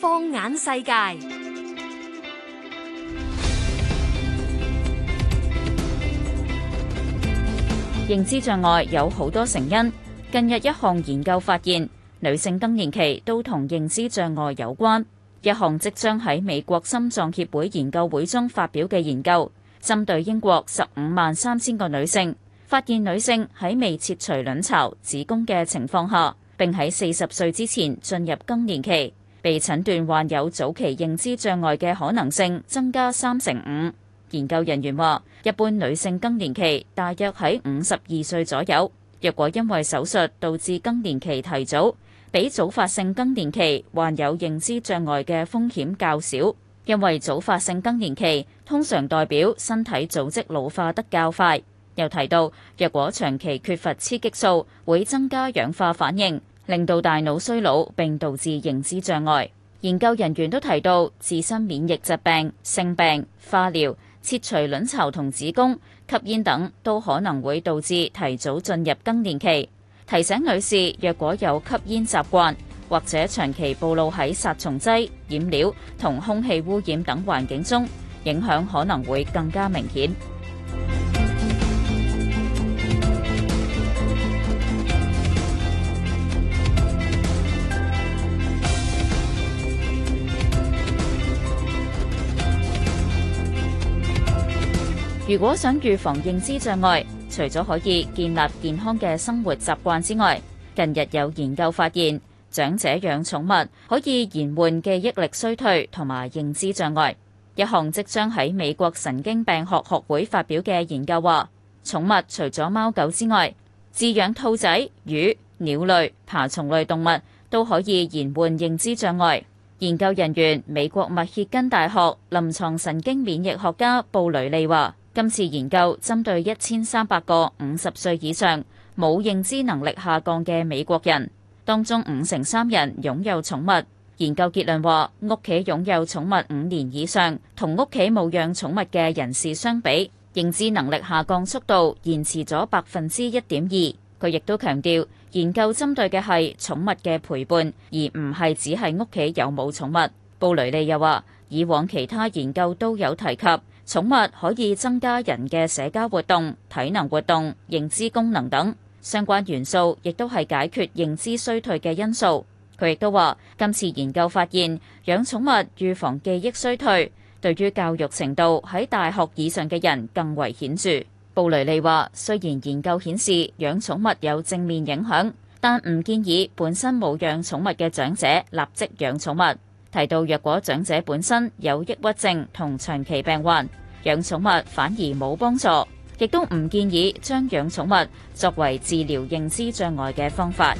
放眼世界，認知障礙有好多成因。近日一項研究發現，女性更年期都同認知障礙有關。一項即將喺美國心臟協會研究會中發表嘅研究，針對英國十五萬三千個女性。發現女性喺未切除卵巢、子宮嘅情況下，並喺四十歲之前進入更年期，被診斷患有早期認知障礙嘅可能性增加三成五。研究人員話，一般女性更年期大約喺五十二歲左右。若果因為手術導致更年期提早，比早發性更年期患有認知障礙嘅風險較少，因為早發性更年期通常代表身體組織老化得較快。又提到，若果長期缺乏雌激素，會增加氧化反應，令到大腦衰老，並導致認知障礙。研究人員都提到，自身免疫疾病、性病、化療、切除卵巢同子宮、吸煙等，都可能會導致提早進入更年期。提醒女士，若果有吸煙習慣，或者長期暴露喺殺蟲劑、染料同空氣污染等環境中，影響可能會更加明顯。如果想預防認知障礙，除咗可以建立健康嘅生活習慣之外，近日有研究發現，長者養寵物可以延緩記憶力衰退同埋認知障礙。一項即將喺美國神經病學學會發表嘅研究話，寵物除咗貓狗之外，飼養兔仔、魚、鳥類、爬蟲類動物都可以延緩認知障礙。研究人員美國密歇根大學臨床神經免疫學家布雷利話。今次研究針對一千三百個五十歲以上冇認知能力下降嘅美國人，當中五成三人擁有寵物。研究結論話，屋企擁有寵物五年以上，同屋企冇養寵物嘅人士相比，認知能力下降速度延遲咗百分之一點二。佢亦都強調，研究針對嘅係寵物嘅陪伴，而唔係只係屋企有冇寵物。布雷利又話，以往其他研究都有提及。寵物可以增加人嘅社交活動、體能活動、認知功能等相關元素，亦都係解決認知衰退嘅因素。佢亦都話，今次研究發現，養寵物預防記憶衰退，對於教育程度喺大學以上嘅人更為顯著。布雷利話，雖然研究顯示養寵物有正面影響，但唔建議本身冇養寵物嘅長者立即養寵物。提到，若果長者本身有抑鬱症同長期病患。養寵物反而冇幫助，亦都唔建議將養寵物作為治療認知障礙嘅方法。